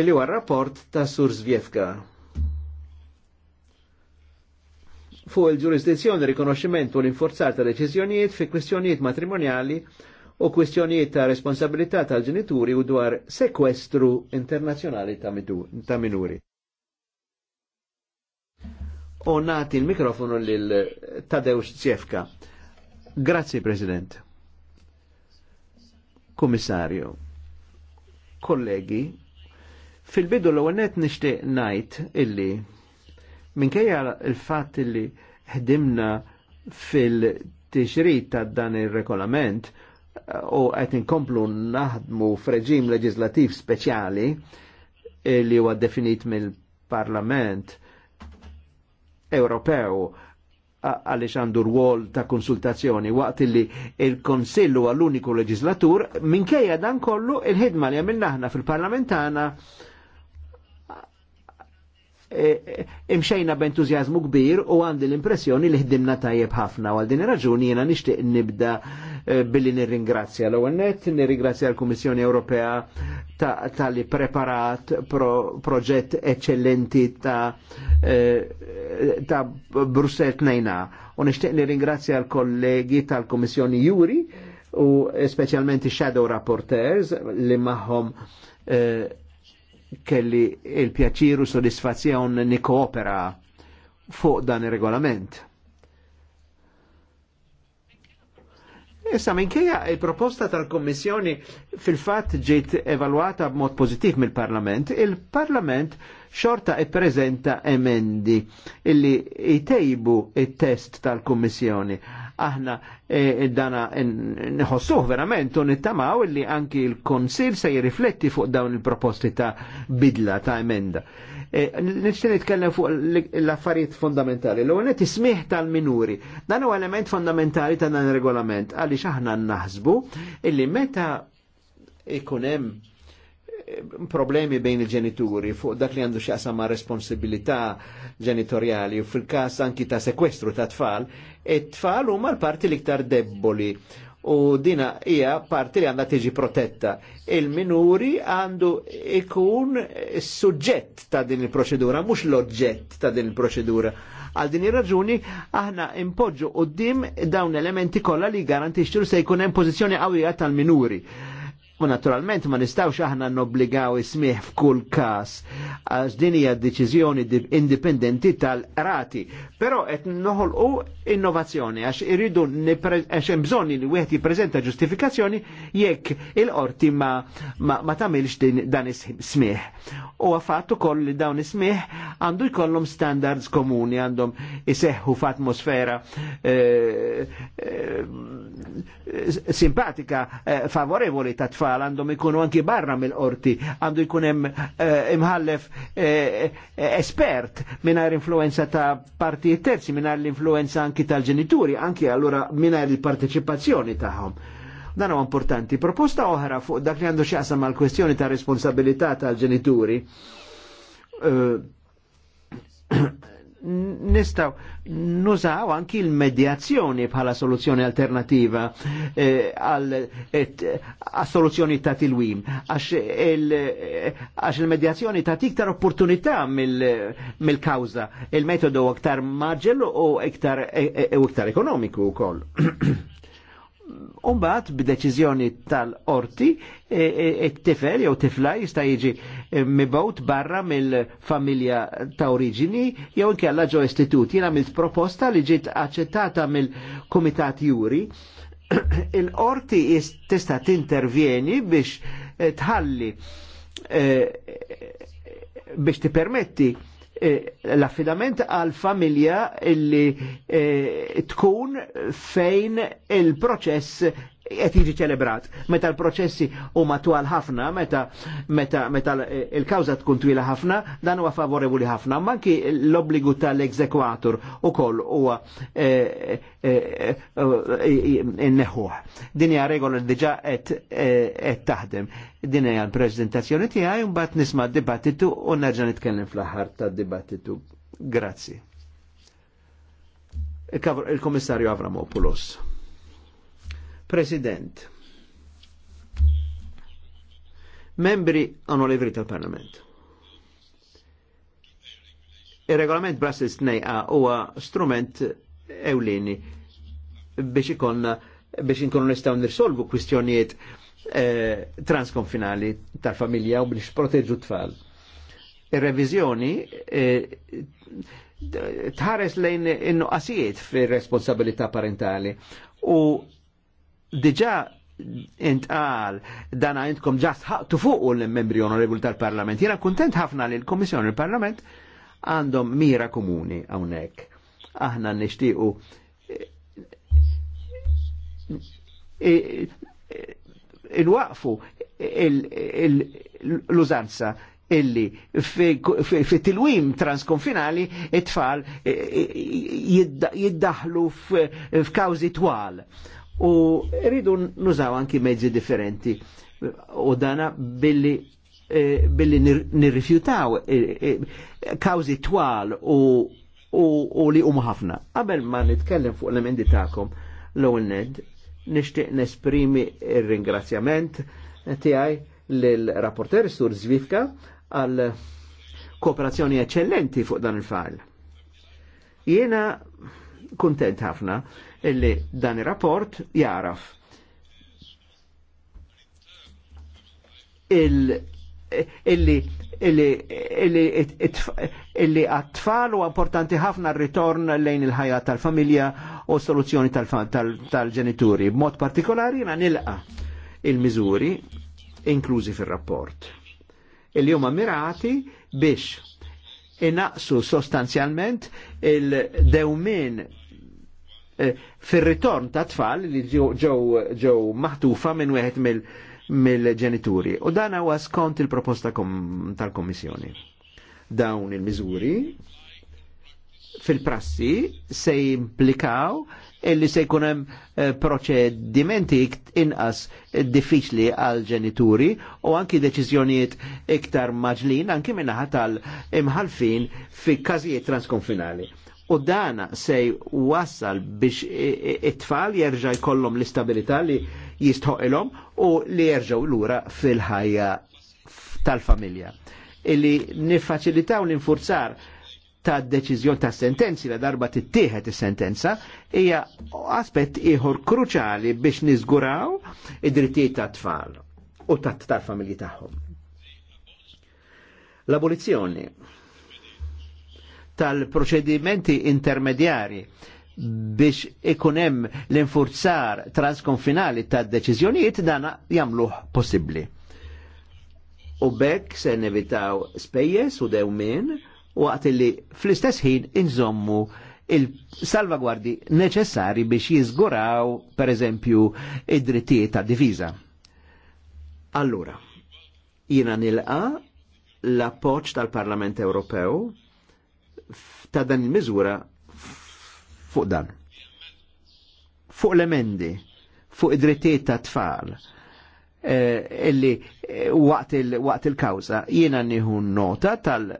Illi huwa rapport ta' Sur Zvjefka Fu il-ġurisdizzjoni rikonoxximent u l-inforzar ta' deċiżjonijiet fi kwistjonijiet matrimonjali u kwistjonijiet ta' responsabilità tal-ġenituri u dwar sekwestru internazzjonali ta' minuri. U nati il-mikrofonu lil Tadeusz Zjefka. Grazie, President. Commissario, kollegi, Fil-bidu l-għonet nishti najt illi minkejja il-fat illi ħdimna fil-tixrit ta' dan il-regolament eh, u għet inkomplu naħdmu f'reġim leġislativ speċjali illi huwa definit mill-Parlament Ewropew għaliex għandu rwol ta' konsultazzjoni waqt li il-Konsillu l uniku leġislatur minkejja dan kollu il-ħidma li għamilna aħna fil-parlamentana E, e, imxejna b'entużjażmu kbir u għandi l-impressjoni li ħdimna tajjeb ħafna għal din raġuni jiena nixtieq nibda e, billi nirringrazzja l net nirringrazzja l-Kummissjoni Ewropea ta' li preparat proġett eccellenti ta' ta' Brussel tnejna u nixtieq nirringrazzja l-kollegi tal-Kummissjoni Juri u specialment shadow rapporteurs li maħom kelli il-pjaċiru soddisfazzjon nikoopera fuq dan il-regolament. Issa minkeja il-proposta tal-Kommissjoni fil fat ġiet evalwata b'mod pożittiv mill-Parlament, il-Parlament xorta e prezenta emendi illi jtejbu il test tal-Kommissjoni aħna e, e, dana e, nħossuh verament u nittamaw li anki l-Konsil se jirrifletti fuq dawn il-proposti ta' bidla ta' emenda. Nixtieq nitkellem fuq l-affarijiet fundamentali. l għonet ismiħ tal-minuri. Dan huwa element fundamentali ta' dan regolament għaliex aħna naħsbu illi meta ikun hemm problemi bejn il-ġenituri fuq dak li għandu xaqsa ma' responsabilità ġenitoriali u fil-kas anki ta' sekwestru ta' tfal, it-tfal huma l-parti liktar deboli u dina hija parti li għandha tiġi protetta. Il-minuri għandu ikun suġġett ta' din il-proċedura, mhux l-oġġett ta' din il-proċedura. Għal din ir-raġuni aħna impoġġu qudiem dawn elementi kollha li garantixxu se jkun hemm pożizzjoni qawwija tal-minuri U naturalment ma nistawx aħna nobbligaw ismiħ f'kull kas, għax din hija deċiżjoni indipendenti tal-rati. Però qed noħolqu innovazzjoni għax iridu għax hemm bżonn li wieħed jippreżenta ġustifikazzjoni jekk il-qorti ma, ma, ma tagħmilx dan ismiħ. U għafat ukoll li dawn ismiħ għandu jkollhom standards komuni għandhom iseħħu f'atmosfera eh, eh, Eh, simpatika eh, favorevoli ta' tfal għandhom ikunu anki barra mill-qorti, għandu jkun hemm eh, imħallef espert mingħajr influenza ta' partijiet terzi, mingħajr l-influenza anki tal-ġenituri, anki allura mingħajr il-parteċipazzjoni tagħhom. Dan huwa importanti. Proposta oħra fuq dak li għandu x'jaqsam mal-kwestjoni ta' responsabilità tal-ġenituri nistaw nużaw anki l-medjazzjoni bħala soluzzjoni alternativa eh, għal eh, soluzzjoni ta' tilwim. Għax il-medjazzjoni ta' tiktar opportunità mill-kawza. Il-metodu iktar maġġel e, e, u iktar ekonomiku u koll. Umbat b'deċiżjoni tal-orti t e, e, e, tifel jew tifla jista' jiġi mibgħut barra mill-familja ta' oriġini jew inkella ġo istitut. Jena mill-proposta li ġiet aċċettata mill komitat Juri il orti tista' t-intervjeni biex tħalli biex permetti Eh, l-affidament għal familja illi eh, tkun fejn il-proċess qed jiġi ċelebrat. Meta l-proċessi huma twal ħafna, meta meta meta l-kawża tkun twila ħafna, dan huwa favorevoli ħafna, manki l-obbligu tal-eżekwatur ukoll huwa eh, eh, eh, inneħuh. Din hija regola diġà qed taħdem. Din hija l-preżentazzjoni tiegħi u mbagħad nisma' d-dibattitu u nerġa' nitkellem fl-aħħar tad-dibattitu. Grazzi. Il-Komissarju Avramopoulos. President. Membri onorevoli tal-Parlament. Il-regolament Brussels 2A huwa strument ewlieni biex ikon biex inkunu nistgħu nirsolvu kwistjonijiet eh, transkonfinali tal-familja u biex proteġu tfal. Ir-reviżjoni eh, tħares lejn in asijiet fir-responsabilità parentali u diġa intqal dan għajntkom ġast ħaqtu fuq l-membri onorevoli tal-Parlament. Jena kontent ħafna li l-Komissjoni l-Parlament għandhom mira komuni għawnek. Aħna nishtiqu eh, eh, il-waqfu l-użanza illi fit-tilwim transkonfinali it-tfal eh, jiddaħlu f'kawzi twal u rridu nużaw anki mezzi differenti u dana billi eh, billi nirrifjutaw eh, eh, kawzi twal u, u, u li huma Qabel ma nitkellem fuq l-emendi ta'kom l-ewwel ned, nixtieq nesprimi il ringrazzjament tijaj l rapporter Sur Zvifka għal kooperazzjoni eccellenti fuq dan il-fajl. Jiena kuntent ħafna illi dan ir-rapport jaraf il illi illi għat-tfal u importanti ħafna ritorn lejn il-ħajja tal-familja u soluzzjoni tal-ġenituri. B'mod partikolari jina nilqa il-miżuri inklużi fil-rapport. Illi huma mirati biex inaqsu sostanzjalment il-dewmin eh, fir-ritorn ta' tfal li ġew maħtufa minn wieħed mill-ġenituri. U dan huwa skont il-proposta tal-Kommissjoni. Dawn il-miżuri fil-prassi se jimplikaw illi se jkun hemm eh, proċedimenti inqas diffiċli għal ġenituri u anki deċiżjonijiet iktar maġlin anki minnaħa tal-imħalfin fi każijiet transkonfinali. U dana se wassal biex it-tfal jerġa' jkollhom l-istabilità li jistħoqilhom u li jerġgħu lura fil-ħajja tal-familja. Illi niffaċilitaw l-infurzar ta' deċizjon ta' sentenzi la darba tittieħed is-sentenza hija aspett ieħor kruċali biex niżguraw id-drittijiet ta' tfal u tal-familji tagħhom. L-abolizzjoni tal-proċedimenti intermedjari biex ikunem l-infurzar transkonfinali ta' deċiżjonijiet dana jamluħ possibli. U bekk se nevitaw spejjes u dewmin waqt li fl-istess ħin inżommu il-salvagwardi neċessari biex jizguraw, per eżempju, id-drittijiet ta' diviża. Allura, jina nilqa l-appoċ tal-Parlament Ewropew ta' dan il-miżura fuq dan. Fuq l-emendi, fuq id-drittijiet ta' tfal, eh, illi eh, waqt il-kawza jina nihun nota tal-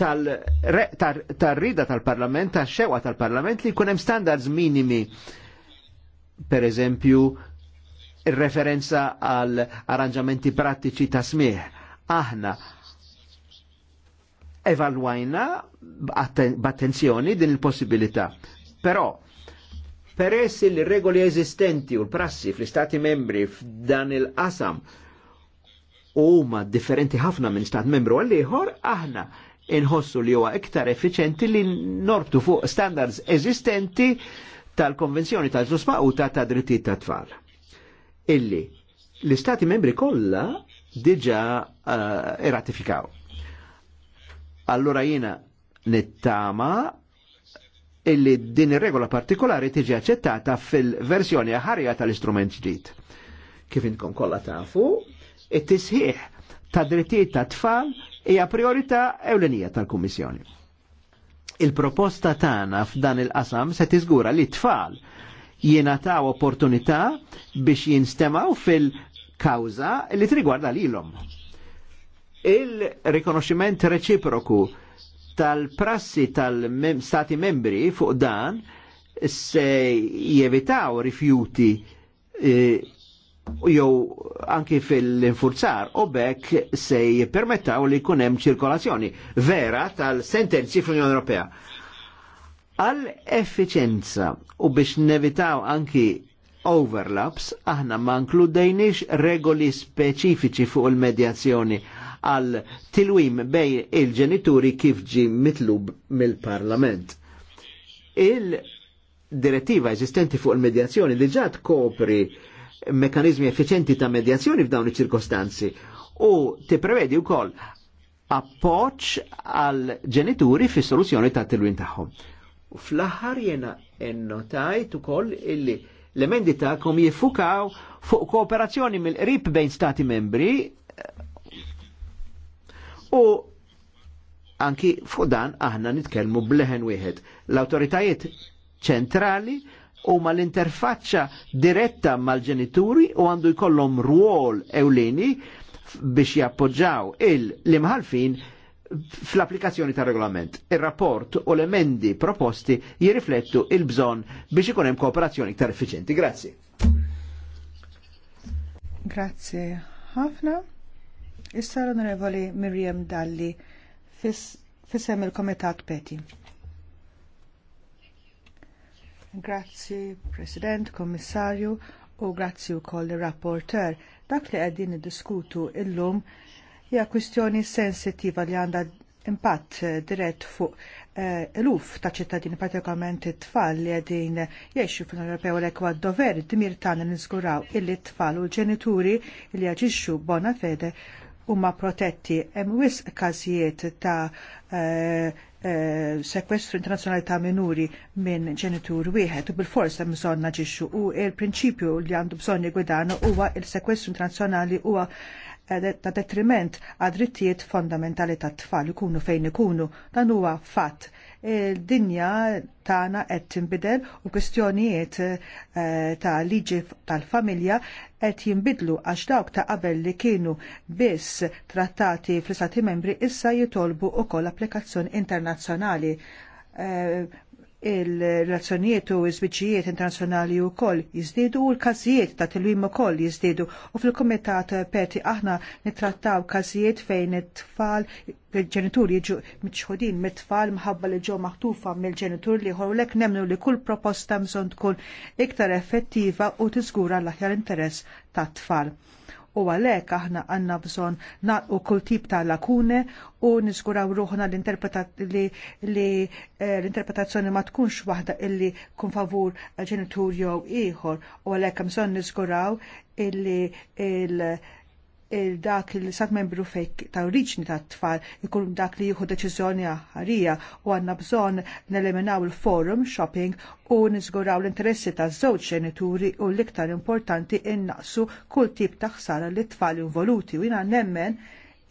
tal-rida tal-parlament, tal-xewa tal-parlament li kunem standards minimi. Per eżempju, referenza għal arranġamenti prattiċi ta' smieħ. Aħna evalwajna b'attenzjoni din il-possibilità. Però, peress li regoli esistenti u l-prassi fl-Stati membri f'dan il-qasam ma differenti ħafna minn stat membru għall ieħor aħna inħossu li huwa iktar effiċenti li nortu fuq standards eżistenti tal-Konvenzjoni tal-Ġlus u ta' drittijiet ta' tfal. Illi l-Istati membri kollha diġa uh, eh, irratifikaw. Allura jiena nittama illi din ir-regola partikolari tiġi aċċettata fil-verżjoni ħarja tal-istrument ġdid. Kif inkom kollha tafu, it-tisħiħ ta' drittijiet ta' tfal hija priorità ewlenija tal-Kummissjoni. Il-proposta tagħna f'dan il-qasam se tiżgura li tfal jiena ta' opportunità biex jinstemaw fil-kawza li trigwarda lilhom. Il-rikonoxximent reċiproku tal-prassi tal-stati membri fuq dan se jevitaw rifjuti eh, jew anki fil-infurzar u bekk se jippermettaw li jkun hemm ċirkolazzjoni vera tal-sentenzi fl-Unjoni Ewropea. Għal effiċenza u biex nevitaw anki overlaps, aħna ma nkludejniex regoli speċifiċi fuq il-medjazzjoni għal tilwim bej il-ġenituri kif ġi mitlub mill-parlament. Il-direttiva eżistenti fuq il-medjazzjoni diġa tkopri kopri mekanizmi effiċenti ta' medjazzjoni f'dawn iċ-ċirkostanzi u tipprevedi wkoll appoġġ għal ġenituri fis soluzzjoni ta' tilwin tagħhom. Fl-aħħar jena ennotajt ukoll illi l-emendi tagħkom jiffukaw fuq kooperazzjoni mill-qrib bejn stati membri eh, u anki fuq dan aħna nitkellmu bleħen wieħed. L-awtoritajiet ċentrali ma l-interfaċċa diretta mal-ġenituri u għandu jkollhom rwol ewleni biex jappoġġaw il-imħalfin fl-applikazzjoni ta' regolament. Il-rapport u l-emendi proposti jirriflettu il-bżon biex ikun hemm kooperazzjoni iktar effiċenti. Grazzi. Grazzi ħafna. Issa l-Onorevoli Miriam Dalli fis-sem il-Komitat Peti. Grazzi, President, Kommissarju, u grazzi wkoll ir rapporter Dak li qegħdin niddiskutu illum hija kwistjoni sensittiva li għandha impatt dirett fuq eh, eluf ta' ċittadini partikolarment it-tfal li għedin jiexu fil europew l għad dover dimir dmir tagħna niżguraw illi t-tfal u l-ġenituri li għagġiċu bona fede huma protetti hemm wisq każijiet ta' eh, Eh, sekwestru internazzjonali ta' minuri minn ġenitur wieħed u bil-fors hemm bżonn naġixxu u l-prinċipju li għandu bżonn jigwidana huwa il-sekwestru internazzjonali huwa eh, ta' detriment għad drittijiet fondamentali tat tfal ikunu fejn ikunu dan huwa fatt dinja tagħna qed tinbidel u kwistjonijiet eh, ta' liġi tal-familja qed jinbidlu għax dawk ta' qabel li kienu biss trattati fl-istati membri issa jitolbu wkoll applikazzjoni internazzjonali eh, il-relazzjonijiet u l biċijiet internazzjonali u koll jizdidu u l-kazijiet ta' tilwim u koll jizdidu. U fil-komitat peti aħna nitrattaw kazijiet fejn it-tfal, il-ġenituri jiġu mitxħodin mit-tfal mħabba li ġo maħtufa mill-ġenitur li ħor nemnu li kull proposta mżon tkun iktar effettiva u tiżgura l-aħjar interess ta' tfal u għalhekk aħna għandna bżonn naqqu kull tip ta' lakune u niżguraw ruħna eh, l-interpretazzjoni ma tkunx waħda illi kun favur ġenitur jew ieħor u għalhekk hemm bżonn niżguraw illi il- il-dak il-sat membru fejk ta' oriġni ta' tfal ikun dak li jieħu deċiżjoni ħarija u għanna bżon neleminaw il-forum shopping u nizguraw l-interessi ta' żewġ ġenituri u l-iktar importanti innaqsu kull tip ta' ħsara li tfal involuti u jina nemmen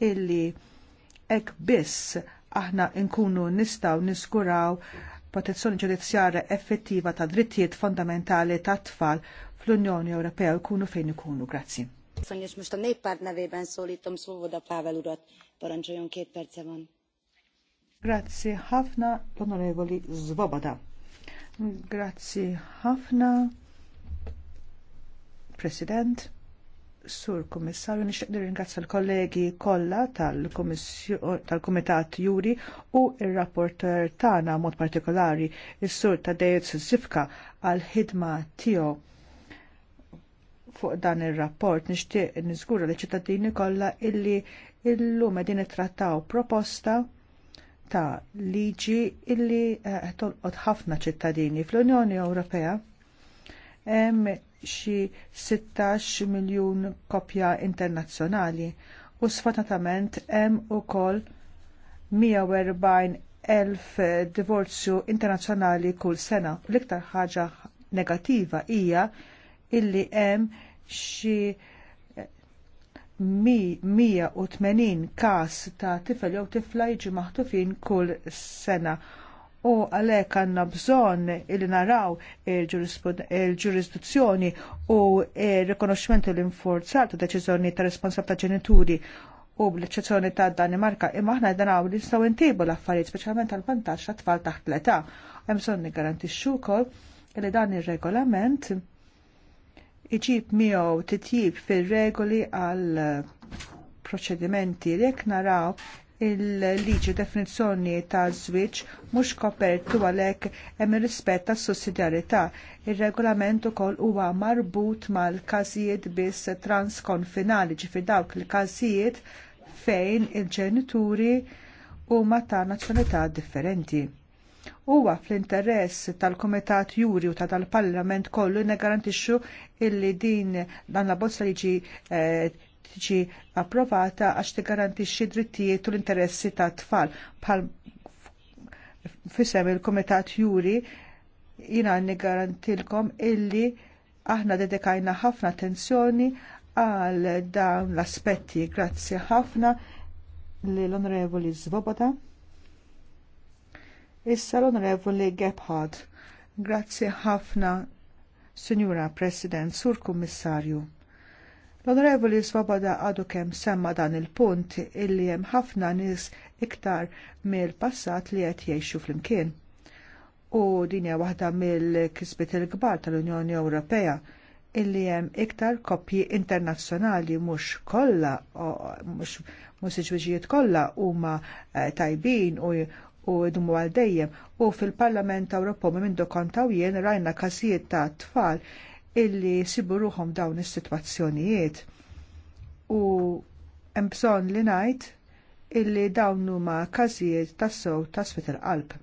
illi ek biss aħna nkunu nistaw nizguraw protezzjoni ġudizzjarja effettiva ta' drittijiet fondamentali ta' tfal fl-Unjoni Ewropea jkunu fejn ikunu. Grazzi. Köszönjük, most a néppárt nevében szólítom Szóvoda Pável urat. Parancsoljon, két perce van. Grazie Hafna, l-onorevoli Zvoboda. Grazie Hafna, President. Sur Kommissarju, nixtieq nirringrazzja l-kollegi kolla tal komitat Juri u il rapporter tana mod partikolari il sur Tadej Sifka għal ħidma tijo fuq dan ir-rapport nixtieq niżgura li ċittadini kollha illi illum qegħdin trattaw proposta ta' liġi illi eh, tolqot ħafna ċittadini fl-Unjoni Ewropea. Hemm xi 16 miljun kopja internazzjonali u sfatatament hemm ukoll 140 elf divorzju internazzjonali kull sena. L-iktar ħaġa negattiva hija illi hemm xi 180 eh, każ ta' tifel jew tifla jiġu maħtufin kull sena u għalek għanna bżon il naraw il-ġurisdizzjoni u il u l-inforzat ta' deċizjoni ta' responsab ta' ġenituri u bl-eċezzjoni ta' Danimarka imma aħna jdanaw li nistgħu intejbu l-affarijiet speċjalment għal vantaġġ ta' tfal taħt l-età. Hemm bżonn niggarantixxu wkoll li dan ir-regolament iġib miegħu titjib fir-regoli għal eh, proċedimenti li jekk naraw il-liġi definizzjoni ta' żwieġ mhux kopertu għalhekk hemm ir-rispett tas sussidjarjetà. Ir-regolament ukoll huwa marbut mal-każijiet biss transkonfinali ġifi dawk il-każijiet fejn il-ġenituri huma ta' nazzjonalità differenti huwa fl-interess tal-Komitat Juri u ta' tal-Parlament kollu negarantixxu illi din dan la bozza liġi eh, tiġi approvata għax tigarantixxi drittijiet u l-interessi ta' tfal bħal fisem il-Komitat Juri jina niggarantilkom illi aħna dedikajna ħafna attenzjoni għal dawn l-aspetti. Grazzi ħafna l-Onorevoli Zvoboda. Issa l-Onorevoli Gebhard. Grazzi ħafna, Signora President, Sur Kummissarju. L-Onorevoli Svoboda għadu kemm semma dan il-punt illi hemm ħafna nies iktar mill-passat li qed jgħixu flimkien. U din hija waħda mill-kisbiet il-kbar tal-Unjoni Ewropea illi hemm iktar koppji internazzjonali mhux kollha mhux mhux kollha huma eh, tajbin u u jdumu għal dejjem u fil-Parlament Ewropew minn dokontaw jien rajna każijiet ta' tfal illi sibu ruhom dawn is-sitwazzjonijiet. U hemm bżonn li ngħid illi dawn huma każijiet tas sew ta' sfit il-qalb.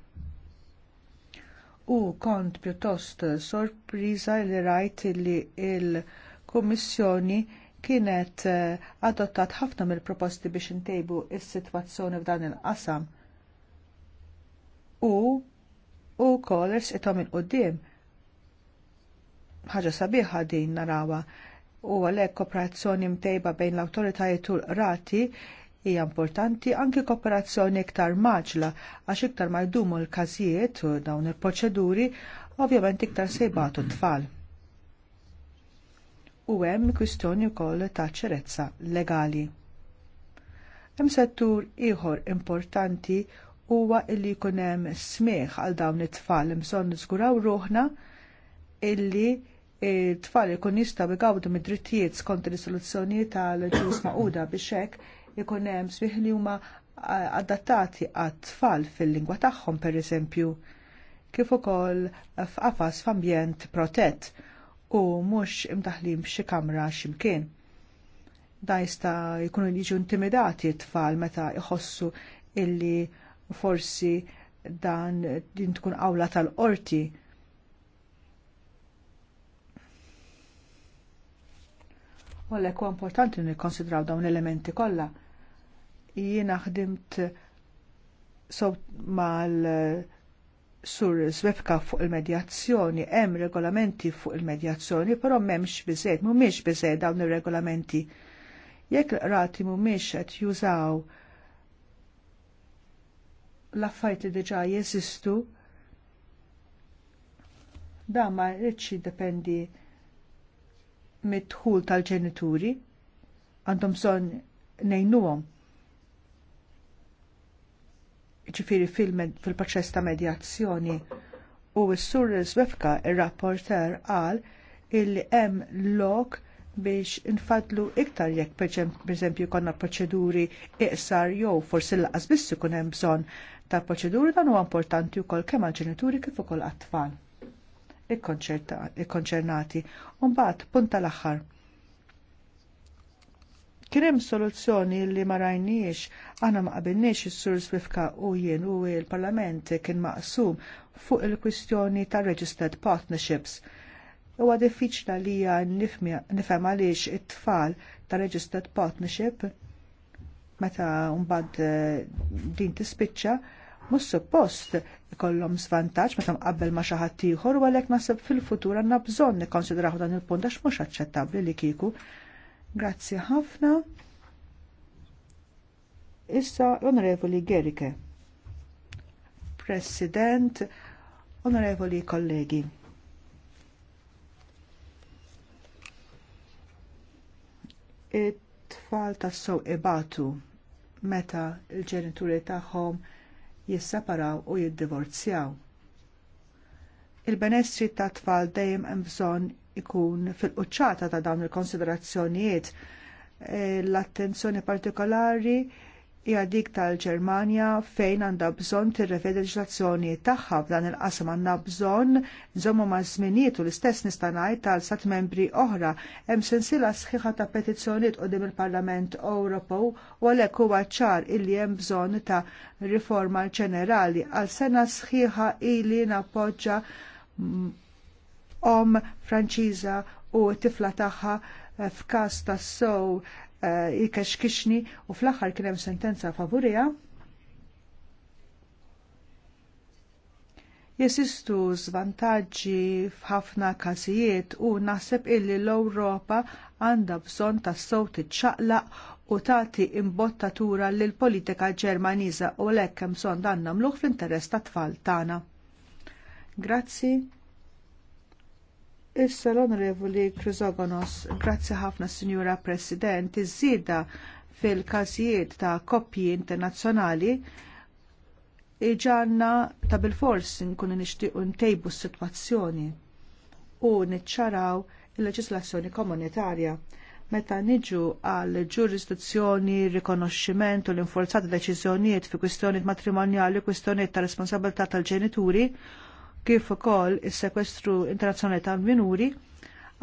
U kont pjuttost sorpriża li rajt illi il-Kummissjoni kienet eh, adottat ħafna mill-proposti biex intejbu is-sitwazzjoni f'dan il-qasam u u kolers itom il-qoddim. ħaġa sabiħa din narawa u għalhekk kooperazzjoni mtejba bejn l-awtoritajiet u l-rati hija importanti anki kooperazzjoni iktar maġla għax iktar ma jdumu l-każijiet u dawn il-proċeduri ovvjament iktar se jbatu tfal. U hemm kwistjoni wkoll ta' ċerezza legali. Hemm settur ieħor importanti huwa illi jkun hemm smieħ għal dawn it-tfal imson niżguraw ruħna illi it-tfal ikun jistgħu jgawdu mid-drittijiet skont il-soluzzjonijiet tal-ġus maquda biex hekk ikun hemm smieħ li huma adattati għat-tfal fil-lingwa tagħhom pereżempju kif ukoll f'qafas f'ambjent protett u mhux imtaħlim f'xi kamra x'imkien. Da jista' jkunu jiġu intimidati t-tfal meta jħossu illi forsi dan din tkun awla tal-qorti. Walla kwa importanti nikkonsidraw dawn elementi kollha. Jiena ħdimt so mal sur Zwefka fuq il-medjazzjoni, hemm regolamenti fuq il-medjazzjoni, però m'hemmx biżejt, mhumiex biżejt dawn ir-regolamenti. Jekk rati mhumiex qed jużaw l-affajt li diġà jeżistu da ma rridx jiddependi mitħul dħul tal-ġenituri għandhom bżonn ngħinuhom. Ġifieri fil-proċess ta' medjazzjoni u s-sur Zwefka ir-rapporter qal illi hemm lok biex infadlu iktar jekk pereżempju konna proċeduri iqsar jew forsi laqas biss ikun hemm bżonn tal-proċeduri dan huwa importanti wkoll kemm għall-ġenituri kif ukoll għat-tfal. Ikkonċernati. mbagħad punt tal-aħħar. Kien hemm soluzzjoni li ma rajniex aħna ma qabilniex is-Sur Swifka u jien u l-Parlament kien maqsum fuq il-kwistjoni tar-registered partnerships. Huwa diffiċli għalija nifhem għaliex it-tfal ta' registered partnership meta mbagħad eh, din tispiċċa mus suppost svantaċ svantaġġ meta qabbel ma' xi ħadd ieħor u għalhekk naħseb fil-futur għandna bżonn nikkonsidraw dan il-punt għax mhux aċċettabbli li kieku. Grazzi ħafna. Issa l-Onorevoli Gerike. President, onorevoli kollegi. It-tfal tassew ibatu meta l ġenituri tagħhom jissaparaw u jiddivorzjaw. Il-benessri ta' tfal dejjem hemm bżonn ikun fil-quċċata ta' dawn il-konsiderazzjonijiet eh, l-attenzjoni partikolari hija dik tal-Ġermanja fejn għandha bżonn tirrevedi leġislazzjoni tagħha f'dan il-qasam għandna bżonn nżommu ma' żminijiet u l-istess nista' ngħid tal sat membri oħra hemm sensiela sħiħa ta' petizzjonijiet qudiem il-Parlament Ewropew u għalhekk huwa ċar illi hemm bżonn ta' riforma ġenerali għal sena sħiħa ili nappoġġa om Franċiża u t tifla tagħha f'każ tas-sow Eh, jikaxkixni u fl-aħħar kien hemm sentenza favurija. Jesistu żvantaġġi f'ħafna każijiet u naħseb illi l-Ewropa għandha bżonn ta' sowt iċċaqlaq u tagħti imbottatura lil politika Ġermaniża u l hemm bżonn dan fl-interess tat-tfal tagħna. Grazzi. Issa l-Onorevoli Krizogonos, grazzi ħafna Sinjura President, iż-żieda fil-każijiet ta' koppji internazzjonali iġanna ta' bilfors nkunu nixtiequ ntejbu s-sitwazzjoni u niċċaraw il-leġislazzjoni komunitarja. Meta niġu għal ġurisdizzjoni, rikonoxximent u l-inforzat deċiżjonijiet fi kwistjonijiet matrimonjali, kwistjonijiet ta' responsabilità tal-ġenituri, kif ukoll is-sekwestru internazzjonali ta' minuri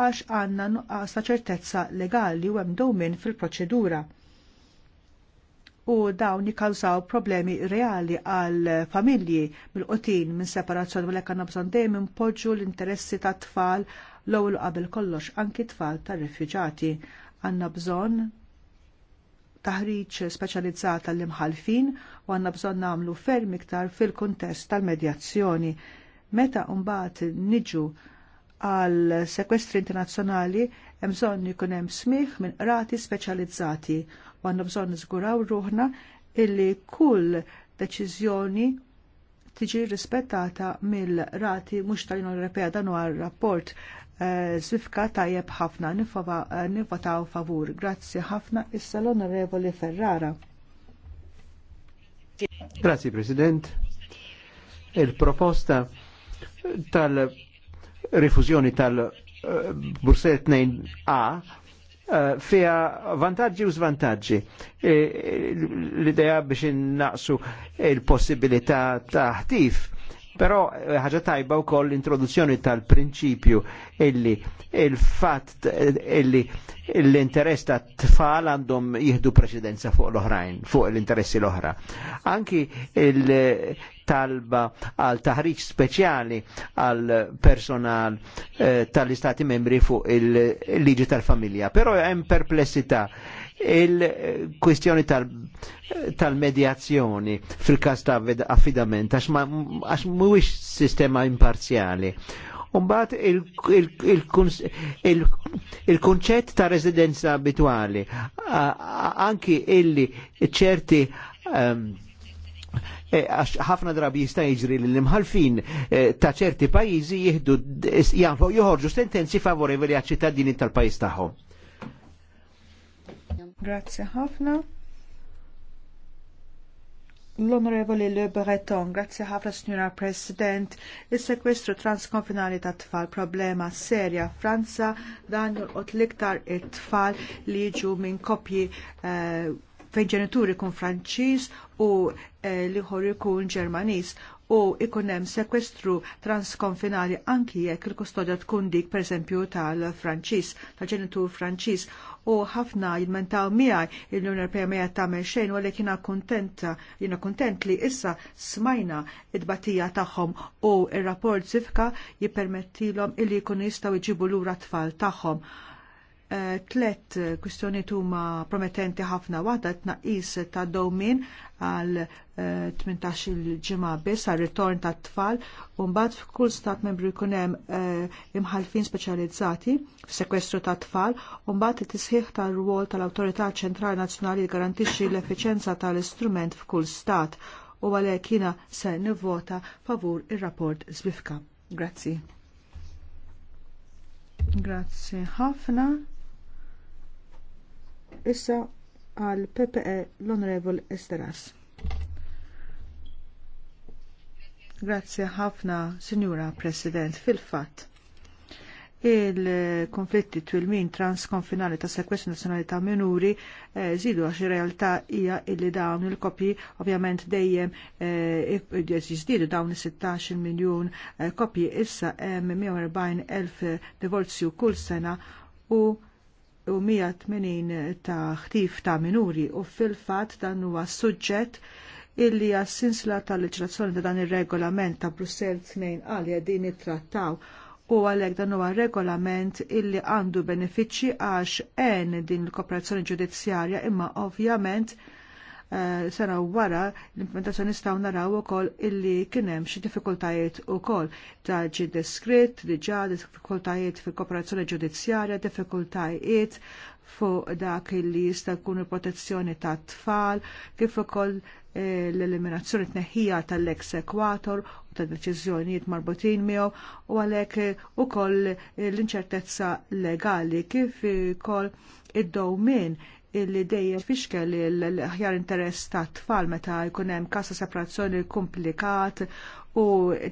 għax għandna nuqqas ta' ċertezza legali u hemm dowmin fil-proċedura. U dawn jikkawżaw problemi reali għal familji mill-qotin minn separazzjoni mill-ek bżonn dejjem impoġġu l-interessi ta' tfal l-ewwel qabel kollox anki tfal ta' rifuġati. Għandna bżonn taħriġ speċjalizzata l-imħalfin u għandna bżonn nagħmlu ferm iktar fil-kuntest tal-medjazzjoni. Meta mbagħad niġu għal sekwestri internazzjonali hemm bżonn ikun hemm smigħ minn rati speċjalizzati u għandna bżonn niżguraw ruħna illi kull deċiżjoni tiġi rispettata mill-rati mhux tal-Unjoni Ewropea dan huwa rapport Zwifka eh, tajjeb ħafna eh, nivvotaw favur. Grazzi ħafna issa l-Onorevoli Ferrara. Grazzi President. Il-proposta tal-rifużjoni tal-Bursel 2A eh, fija vantaġġi u zvantaġġi. Eh, l-idea biex innaqsu il-possibilità ta' ħtif Però eh, ħaġa tajba wkoll l-introduzzjoni tal-prinċipju illi il-fatt eh, illi l-interess ta' tfal għandhom jihdu presidenza fuq l-oħrajn, fuq l-interessi l-oħra. Anki il-talba għal taħriġ speċjali għal personal eh, tal-istati membri fuq il-liġi tal-familja. Però hemm perplessità il-kwistjoni tal-medjazzjoni tal fil-kas ta' affidament, għax mhuwiex sistema imparzjali. Umbat il-konċett ta' residenza abituali, anki illi ċerti ehm, e, ħafna drabi jista' jiġri li l-imħalfin e, ta' ċerti pajjiżi jieħdu joħorġu sentenzi favorevoli għaċ-ċittadini tal-pajjiż tagħhom. Grazzi ħafna. L-Onorevoli Le Breton, grazzi ħafna Signora President, il-sekwestru transkonfinali ta' tfal problema serja Franza dan ot liktar it-tfal li jiġu minn kopji eh, ġenituri kun Franċiż u eh, liħor ikun Ġermaniż u ikun hemm sekwestru transkonfinali anki jekk il-kustodja tkun dik pereżempju tal-Franċiż, tal-ġenitur Franċiż u ħafna jilmentaw miegħi l-Unjoni Ewropea ma tagħmel xejn u għalhekk jiena kuntenta, jiena kuntent li issa smajna id-batija tagħhom u r rapport zifka jippermettilhom illi jkunu jistgħu jġibu lura t tfal tagħhom Eh, tlet kwistjoni huma promettenti ħafna waħda tnaqis ta' domin għal 18 eh, il-ġimgħa biss għal ritorn tat tfal u mbagħad f'kull stat membru jkun hemm eh, imħalfin speċjalizzati f'sekwestru tat tfal u mbagħad t tisħiħ ta' rwol tal-Awtorità Ċentrali Nazzjonali jgarantixxi l efficienza tal-istrument f'kull stat u għalhekk jiena se nivvota favur ir-rapport Zbifka. Grazzi. Grazzi ħafna issa għal PPE l-Onorevol Esteras. Grazie ħafna, Signora President, fil-fatt il-konflitti twil-min transkonfinali ta' sekwestru nazjonali ta' minuri eh, zidu għax realtà hija illi dawn il-kopji ovvjament dejjem eh, jizdidu dawn is-16 miljun eh, kopji issa hemm 140 elf divorzju kull sena u u 180 ta' ħtif ta' minuri u fil-fat dan huwa suġġett illi għas-sinsla tal-leġrazzjoni ta' dan ir-regolament ta' Brussel 2 għalja din it-trattaw u għalhekk dan huwa regolament illi għandu benefiċċji għax hemm din il-kooperazzjoni ġudizzjarja imma ovvjament Eh, sena wara l-implementazzjoni staw naraw ukoll illi kien hemm xi diffikultajiet ukoll ta' ġi diskrit, diġà diffikultajiet fil-kooperazzjoni ġudizzjarja, diffikultajiet fuq dak illi jista' jkun il-protezzjoni ta' tfal, kif ukoll eh, l-eliminazzjoni tneħħija tal-ex u ta' deċiżjonijiet marbutin miegħu u għalhekk eh, ukoll l-inċertezza legali kif ukoll id-dowmin illi dejjem fixkel l-ħjar interess ta' tfal meta jkun hemm kasa separazzjoni komplikat u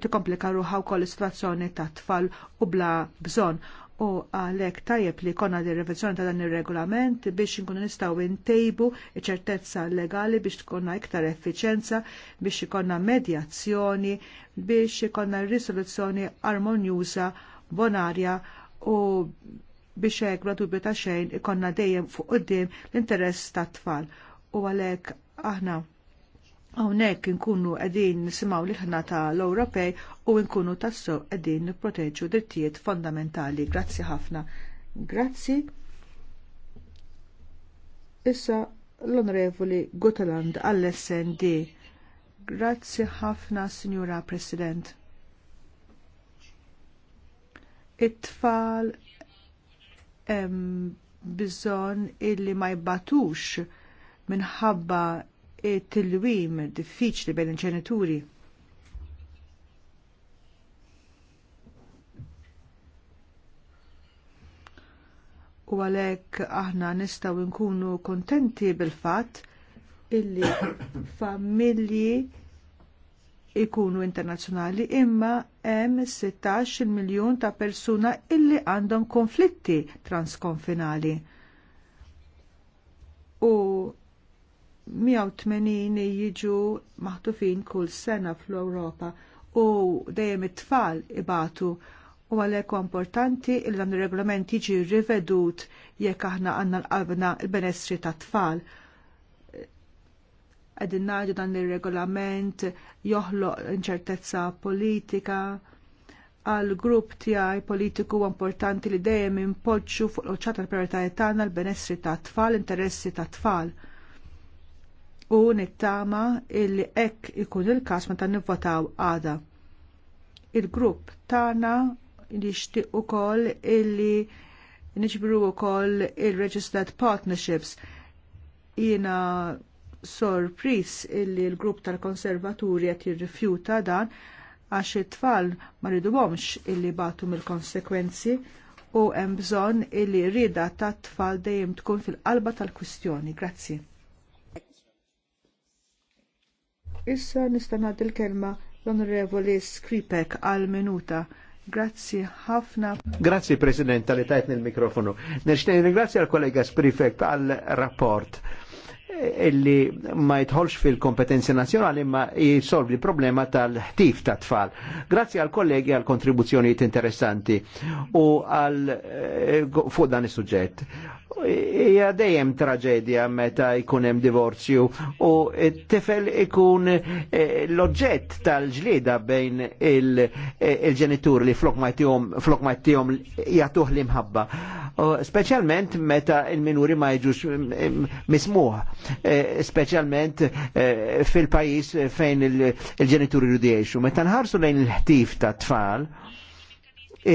tikkomplika ruħa wkoll is-sitwazzjoni ta' tfal u bla bżonn. U għalhekk tajjeb li jkollna di revizjoni ta' dan ir-regolament biex inkunu nistgħu ntejbu ċertezza legali biex tkunna iktar effiċenza biex ikonna medjazzjoni biex ikonna risoluzzjoni armonjuża bonarja u biex hekk bla dubju ta' xejn ikonna dejjem fuq quddiem l-interess tat-tfal. U għalhekk aħna hawnhekk inkunu qegħdin nisimgħu l-ħna tal-Ewropej u nkunu tassew qegħdin nipproteġu drittijiet fondamentali. Grazzi ħafna. Grazzi. Issa l-Onorevoli Guteland għall-SND. Grazzi ħafna, Signora President. It-tfal bżon illi ma jibbatux minħabba it-tilwim diffiċli bejn il-ġenituri. u għalek aħna nistaw nkunu kontenti bil-fat illi familji ikunu internazzjonali imma hemm 16 miljun ta' persuna illi għandhom konflitti transkonfinali. U 180 jiġu maħtufin kull sena fl-Ewropa u dejjem it-tfal ibatu u għalhekk importanti il dan ir-regolament jiġi rivedut jekk aħna għandna l-qalbna l-benessri tat-tfal qegħdin ngħidu dan ir-regolament joħloq inċertezza politika għal grupp tiegħi politiku importanti li dejjem impoġġu fuq l oċċata tal-prioritajiet tagħna l-benessri ta' tfal, interessi ta' tfal. U nittama illi hekk ikun il-każ meta nivvotaw għada. Il-grupp tagħna jixtieq ukoll illi niġbru wkoll il-registered partnerships jiena sorpris illi l-grupp tal-konservaturi qed jirrifjuta dan għax it-tfal ma ridubomx illi batu mill-konsekwenzi u hemm bżonn illi rida tat tfal dejjem tkun fil-qalba tal-kwistjoni. Grazzi. Issa nista' nagħti l-kelma l-Onorevoli Skripek għal minuta. Grazzi ħafna. Grazzi President tal-li tajtni l-mikrofonu. Nerxtejn ringrazzi għal kollega Sprifek għal rapport illi ma jitħolx fil-kompetenzi nazjonali ma jisolvi problema tal-ħtif ta' tfal. Grazzi għal kollegi għal kontribuzzjonijiet interessanti u għal eh, fuq dan is-suġġett. Hija dejjem traġedja meta jkun hemm divorzju u tifel ikun eh, l-oġġett tal-ġlieda bejn eh, il-ġenitur li flok ma jtihom meta il-minuri ma jġux mm, mm, mismuħ. Eh, specialment eh, fil-pajis fejn il-ġenituri jridu Meta nħarsu lejn il-ħtif ta' tfal,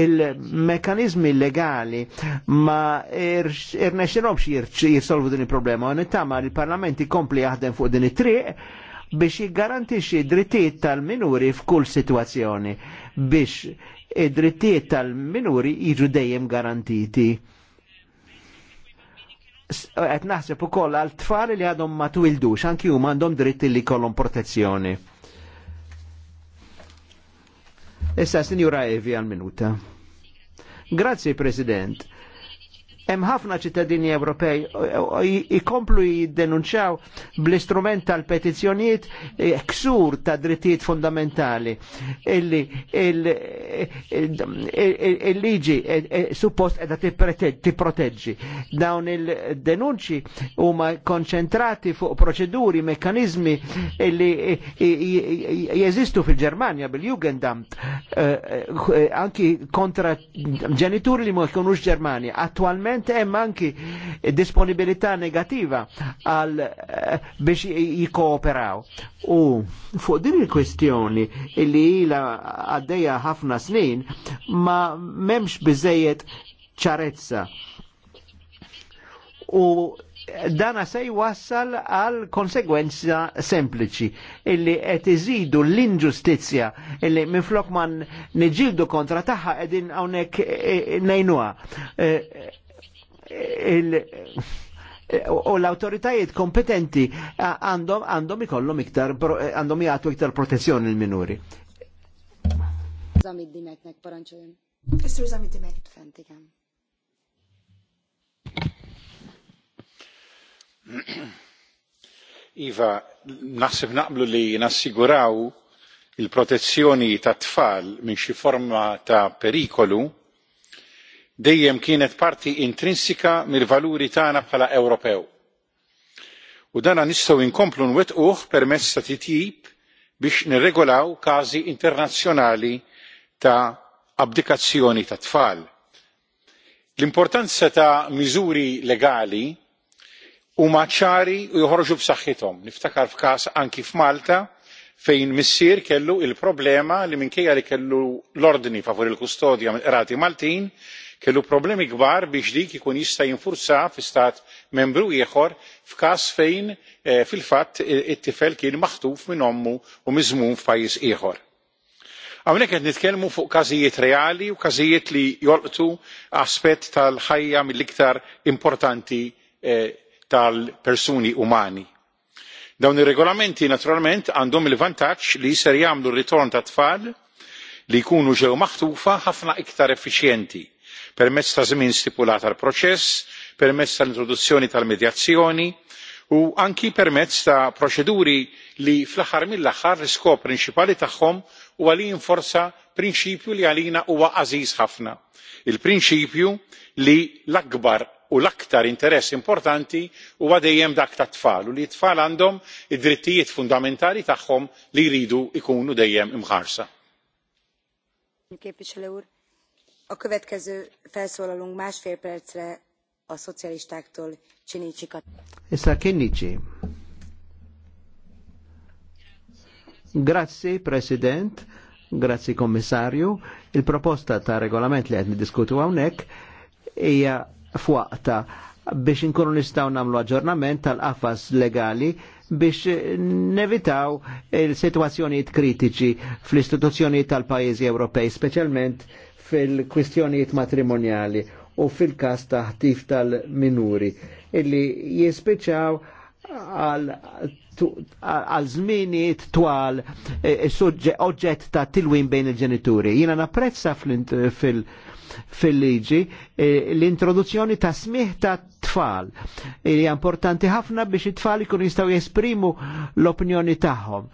il-mekanizmi legali ma irnexxilhomx jirsolvu din il-problema u nittama li l-Parlament ikompli jaħdem fuq din it-triq biex jiggarantixxi drittijiet tal-minuri f'kull sitwazzjoni biex id-drittijiet tal-minuri jiġu dejjem garantiti qed naħseb ukoll għal tfal li għadhom ma twildux, anki huma għandhom dritt li jkollhom protezzjoni. Issa, Sinjura Evi għal minuta. Grazzi, President hemm ħafna ċittadini Ewropej ikomplu jiddenunċaw bl-istrument tal-petizzjonijiet eh, ksur ta' drittijiet fundamentali illi il-liġi eh, eh, suppost edha tipproteġġi. Dawn il-denunċi huma konċentrati fuq proċeduri, mekkanizmi illi jeżistu fil-Ġermanja bil-Jugendamt anki kontra ġenituri li ma jkunux Ġermani. Attualment Naturalment hemm anki disponibilità negativa għal eh, biex jikkooperaw. U fuq din il-kwestjoni li ila għaddejja ħafna snin ma memx biżejjed ċarezza. U dana se jwassal għal konsegwenza sempliċi illi qed iżidu l-inġustizzja illi minflok ma niġildu kontra tagħha qegħdin hawnhekk eh, ngħinuha. E, eh, il u l-autoritajiet kompetenti għandhom għandhom ikollhom iktar għandhom jagħtu iktar protezzjoni lil minuri Zamid dimek nek paranċolin. Is-sur dimek. Fenti kemm. Iva, naħseb naqblu li nassiguraw il-protezzjoni ta' tfal minn xi forma ta' perikolu dejjem kienet parti intrinsika mill-valuri tagħna bħala Ewropew. U dana nistgħu nkomplu nwettquh permezz ta' titjib biex nirregolaw każi internazzjonali ta' abdikazzjoni ta' tfal. L-importanza ta' miżuri legali huma ċari u joħroġu b'saħħithom. Niftakar f'każ anki f'Malta fejn missier kellu l problema li minkejja li kellu l-ordni favur il-kustodja mill-qrati Maltin kellu problemi kbar biex dik ikun jista' jinfurza fi stat membru ieħor f'każ fejn eh, fil fatt it tifel kien maħtuf minn ommu u miżmum f'pajjiż ieħor. hawnhekk qed nitkellmu fuq każijiet reali u każijiet li jolqtu aspett tal ħajja mill iktar importanti eh, tal persuni umani. dawn ir-regolamenti naturalment għandhom il-vantaġġ li jsir jagħmlu r ritorn tat-tfal li jkunu ġew maħtufa ħafna iktar effiċjenti permezz ta' żmien stipulat għal proċess permezz tal-introduzzjoni tal medjazzjoni u anki permezz ta' proċeduri li fl aħħar mill aħħar l-iskop prinċipali tagħhom huwa li jinforza prinċipju li għalina huwa għażiż ħafna il prinċipju li l akbar u l aktar interess importanti huwa dejjem dak ta' tfal u li tfal għandhom id drittijiet fundamentali tagħhom li jridu jkunu dejjem imħarsa. A következő felszólalunk másfél percre a szocialistáktól Issa Grazzi, President, grazzi, Kommissarju. Il-proposta ta' regolament li għedni diskutu għawnek hija fuqta biex inkunu nistaw namlu aġġornament tal-qafas legali biex nevitaw il-situazzjonijiet kritiċi fl-istituzzjonijiet tal-pajjiżi Ewropej, speċjalment fil-kwistjonijiet matrimonjali u fil-kas taħtif tal-minuri illi jispiċaw għal zminiet twal e, e, oġġett ta' tilwin bejn il-ġenituri. Jina napprezza fil- fil-liġi eh, l-introduzzjoni ta' smih ta' tfal. Ili eh, importanti ħafna biex it-tfal ikun jistgħu jesprimu l-opinjoni tagħhom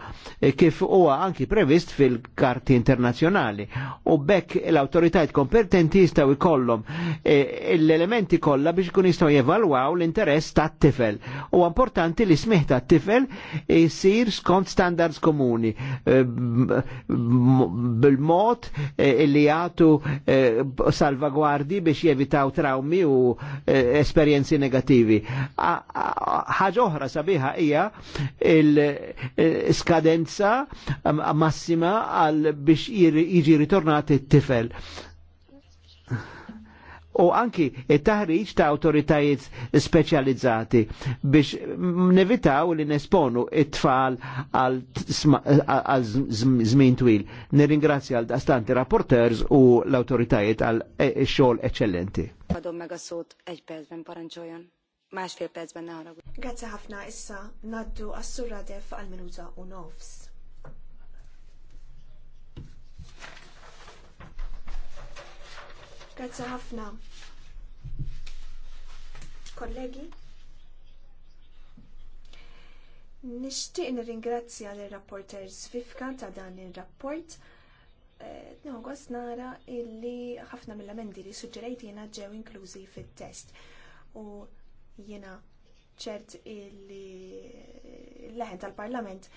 eh, kif huwa anki previst fil-karti internazzjonali. U bekk l autoritajt kompetenti jistaw ikollhom l-elementi kollha biex ikun jistgħu jevalwaw l-interess tat-tifel. U importanti li smih ta' tifel jisir skont standards komuni bil-mod li jgħatu salvagwardi biex jevitaw traumi u eh, esperienzi negativi. Ħaġa oħra sabiħa hija il-skadenza eh, massima għal biex jiġi ritornati t-tifel u anki taħriġ ta' autoritajiet speċjalizzati biex nevitaw li nesponu it-tfal għal żmien twil. Nirringrazzja għal dastanti rapporters u l-autoritajiet għal e- e- xogħol eċċellenti. Madom mega sot eġ perżben paranġojon. Maħx fil perżben naħra. Grazzi ħafna issa naddu għas-surra def għal minuta u nofs. Grazzi ħafna. Kollegi, nixtieq nirringrazzja l rapporter Svifka ta' dan ir rapport eh, Nogos nara illi ħafna mill-amendi li suġġerejt jiena ġew inklużi fit-test. U jiena ċert illi l-leħen tal-parlament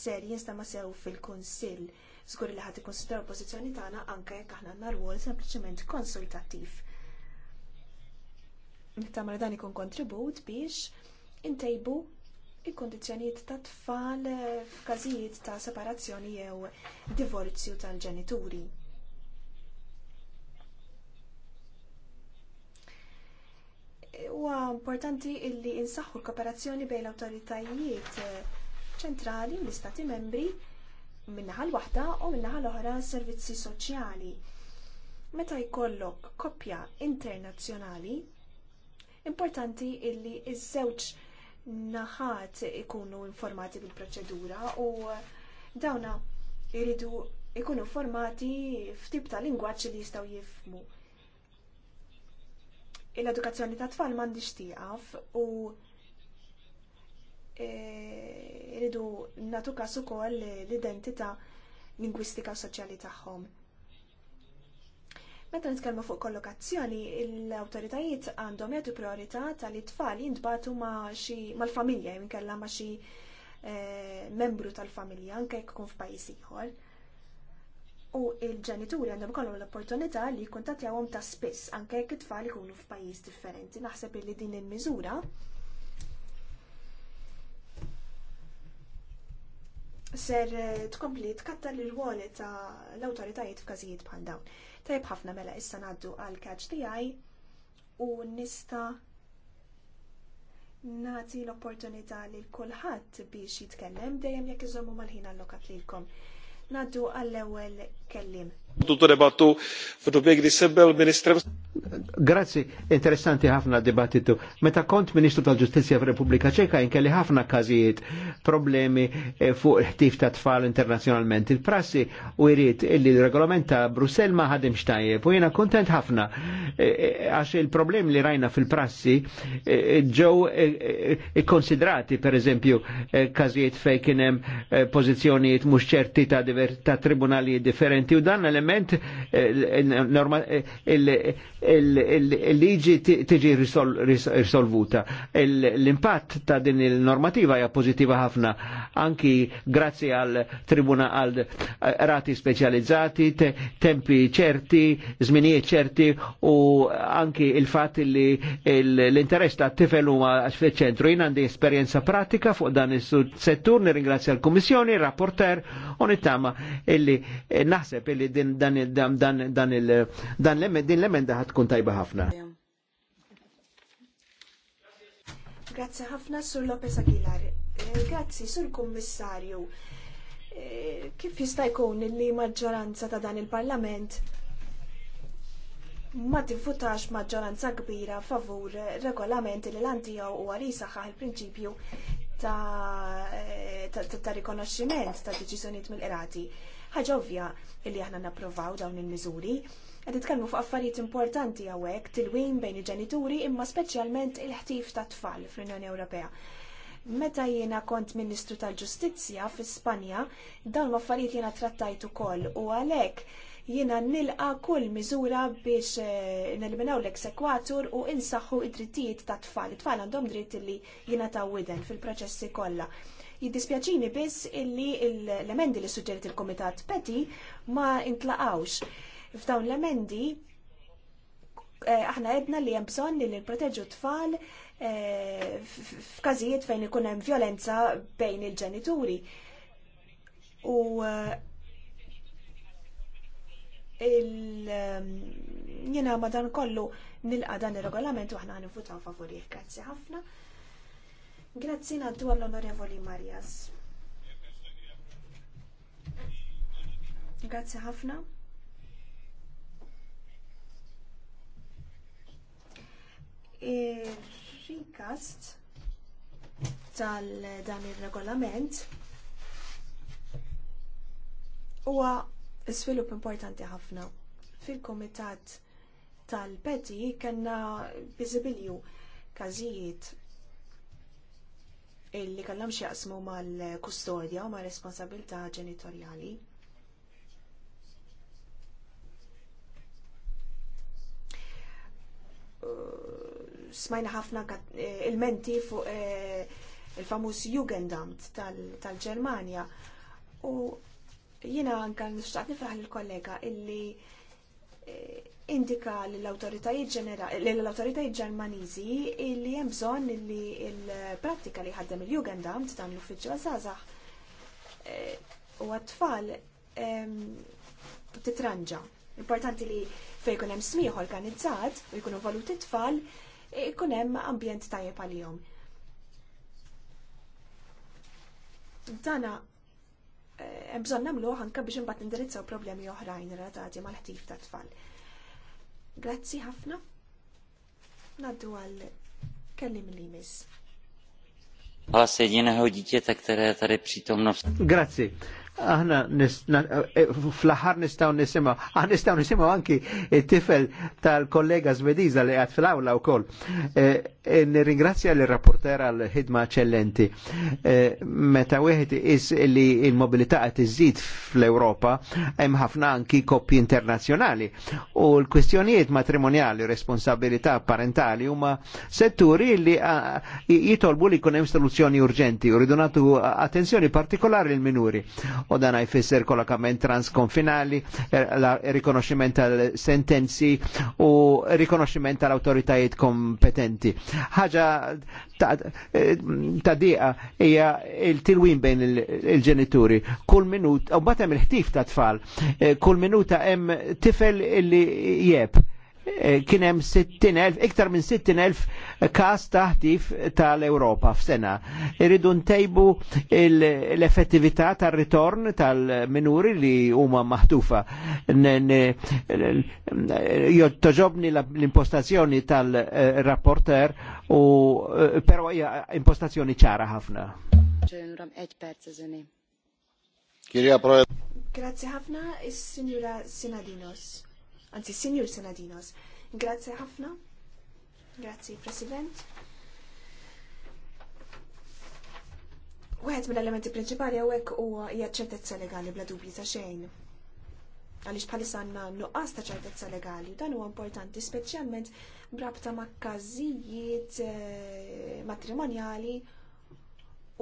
ser jinstama sew fil-konsil Zgur li ħadd ikkonsidra l-pożizzjoni tagħna anke jekk aħna għandna rwol sempliċement konsultattiv. Nittamar dan ikun kontribut biex intejbu il kondizjoniet ta' tfal eh, f'każijiet ta' separazzjoni jew divorzju tal-ġenituri. huwa importanti illi insaħħu l-kooperazzjoni bejn l-awtoritajiet eh, ċentrali, l-istati membri, minnaħal waħda u minnaħal oħra servizzi soċjali. Meta jkollok koppja internazzjonali, importanti illi iż-żewġ naħat ikunu informati bil-proċedura u dawna iridu ikunu informati f'tip ta' lingwaġġ li jistgħu jifhmu. l edukazzjoni ta' tfal m'għandix tieqaf u E, iridu natu kasu ukoll l-identità lingwistika u soċjali tagħhom. Meta nitkellmu fuq kollokazzjoni, l-awtoritajiet għandhom jagħtu priorità tal-itfal jintbatu ma' xi mal-familja jinkella ma' xi e, membru tal-familja anke jekk ikun f'pajjiż ieħor. U il-ġenituri għandhom kollu l-opportunità li jkuntattjawhom ta' spiss anke jekk it-tfal ikunu f'pajjiż differenti. Naħseb li din il-miżura ser eh, tkompli tkattar l-rwoli ta' l-autoritajiet f'każijiet bħal dawn. Tajb ħafna mela issa ngħaddu għal kaċ tiegħi u nista nagħti l-opportunità lil kulħadd biex jitkellem dejjem jekk iżommu mal-ħin allokat lilkom. Ngħaddu għall-ewwel interessanti ħafna dibattitu. Meta kont Ministru tal-Ġustizja f'Repubblika Ċeka inkelli ħafna każijiet problemi eh, fuq ħtif ta' tfal internazzjonalment. Il-prassi u jrid illi l regolament ta' Brussel ma ħadimx tajjeb u jiena kontent ħafna eh, eh, għax il-problemi li rajna fil-prassi ġew ikkonsidrati pereżempju każijiet fejn kien hemm pożizzjonijiet mhux ċerti ta' tribunali differenti elementi u dan element il-liġi tiġi risolvuta. L-impatt ta' din il-normativa hija pożittiva ħafna anki grazzi għal tribuna għal eh, rati specializzati, tempi ċerti, żminijiet ċerti u anki il fat li l-interess ta' tifel huma ċentru Jien għandi esperienza pratika fuq dan il settur nir nirringrazzja l komissjoni il-rapporter unittama nittama illi eh, naħ naħseb illi din dan dan dan il dan l-emend din l-emenda ħad tkun tajba ħafna. Grazzi ħafna Sur Lopez Aguilar. Eh, Grazzi Sur Kummissarju. Eh, kif jista' jkun li maġġoranza ta' dan il-Parlament ma tifutax maġġoranza kbira favur regolamenti li l antija u għarisa ħaħ il-prinċipju ta', eh, ta, ta, ta rikonoxximent ta' deċiżjonijiet mill irati ħaġa ovvja illi aħna napprovaw dawn il-miżuri. Qed itkellmu fuq affarijiet importanti hawnhekk wien bejn il-ġenituri imma speċjalment il-ħtif ta' tfal fl-Unjoni Ewropea. Meta jiena kont Ministru tal-Ġustizzja fi Spanja, dawn l-affarijiet jiena trattajt ukoll u għalhekk jiena nilqa kull miżura biex eh, neliminaw l-eksekwatur u insaħħu id-drittijiet ta' tfal. tfal għandhom dritt li jiena ta' widen fil-proċessi kollha. Jiddispjaċini biss illi l-emendi li suġġeriet il-Komitat Peti ma intlaqawx. F'dawn l-emendi eh, aħna edna li hemm bżonn li nipproteġu tfal eh, f'każijiet fejn ikun hemm violenza bejn il-ġenituri. U eh, il jena madan kollu nilqa dan il-regolament u ħna nifutaw favorih. Grazzi ħafna. Grazie a għall-Onorevoli Marias. Grazzi ħafna. Il-rikast tal-dan il-regolament huwa svilupp importanti ħafna. Fil-komitat tal-peti kena bizibilju kazijiet illi kellhom jaqsmu mal-kustodja u mal-responsabilità ġenitorjali. Uh, smajna ħafna eh, il-menti fuq eh, il-famuż Jugendamt tal-Ġermanja u jiena anka nixtaqt nifraħ il-kollega illi eh, indika l-autoritajiet ġermaniżi li hemm bżonn li l-prattika li ħaddem il-Jugendamt dan l-uffiċċju żgħażagħ eh, u għat-tfal titranġa. Importanti li fejn ikun hemm smieħ organizzat u jkunu valuti tfal eh, ikun hemm ambjent tajjeb għalihom. Dana eh, hemm bżonn nagħmluh anke biex imbagħad nindirizzaw problemi oħrajn relatati mal-ħtif tat-tfal. Grazzi ħafna. Naddu għal kellim li mis. Għala sejjina ħu dítjeta, které tady přítomno. Grazzi aħna eh, fl-aħħar nistgħu nisimgħu, aħna nistgħu nisimgħu anki it-tifel tal-kollega Zvediza li qed fl-awla wkoll. Eh, eh, nirringrazzja l rapporter għal ħidma eċċellenti. Meta wieħed is li l-mobilità qed iżid fl-Ewropa hemm ħafna anki koppji internazzjonali u l-kwistjonijiet matrimonjali responsabilità parentali huma setturi li jitolbu li jkun hemm soluzzjoni urġenti u ridunatu attenzjoni partikolari l-minuri u dan jfisser kollokament transkonfinali, er- rikonoxximent tal-sentenzi u rikonoxximent tal-autoritajiet kompetenti. Ħaġa ta' diqa hija il-tilwin bejn il-ġenituri. Kull minut, u batem il-ħtif ta' tfal, eh, kull minuta hemm tifel illi jeb kien hemm 60,000, iktar minn 60,000 kas taħtif tal-Ewropa f'sena. Irridu ntejbu l-effettività tar-ritorn tal-minuri li huma maħtufa. Toġobni l-impostazzjoni tal-rapporter u eh, però hija impostazzjoni ċara ħafna. Grazie ħafna, is-Sinjura Sinadinos anzi Sinjur Senadinos. Grazzi ħafna. Grazie, President. Wieħed mill-elementi prinċipali hawnhekk huwa hija ċertezza legali bla dubji ta' xejn. Għaliex bħalissa għandna nuqqas ta' ċertezza legali u dan huwa importanti speċjalment brabta ma' kazijiet eh, matrimonjali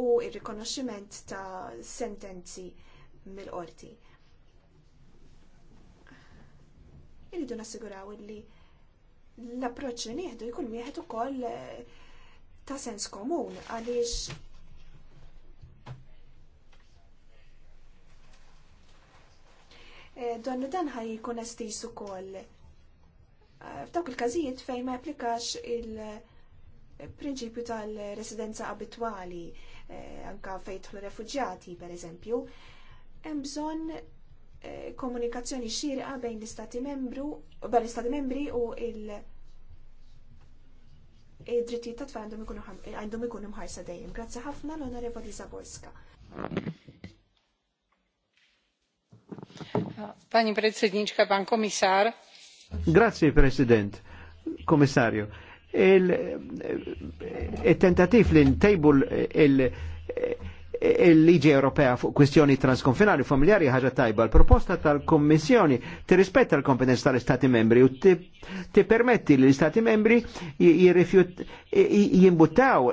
u r rikonoxximent ta' sentenzi mill-qorti. rridu nassiguraw li l-approċċ li nieħdu jkun wieħed ukoll eh, ta' sens komun għaliex eh, donnu dan ħaj jkun estis ukoll eh, f'dawk il-każijiet fejn ma japplikax il-prinċipju tal-residenza abitwali anka fejn tħlu refuġjati pereżempju, hemm bżonn komunikazzjoni xirqa bejn l-istati membru, bejn l-istati membri u il- id-drittijiet ta' tfal għandhom ikunu mħajsa dejjem. Grazzi ħafna l-Onorevoli Zaborska. Pani Predsedniczka, Pan Komisar. Grazie President, Komissario, Il-tentativ il li ntejbu il-, il, il il-liġi Ewropea fuq kwistjoni transkonfinali familjari ħaġa tajba. L-proposta tal-Kommissjoni ti rispetta l-kompetenza tal-Istati membri u permetti li l-Istati membri jimbuttaw,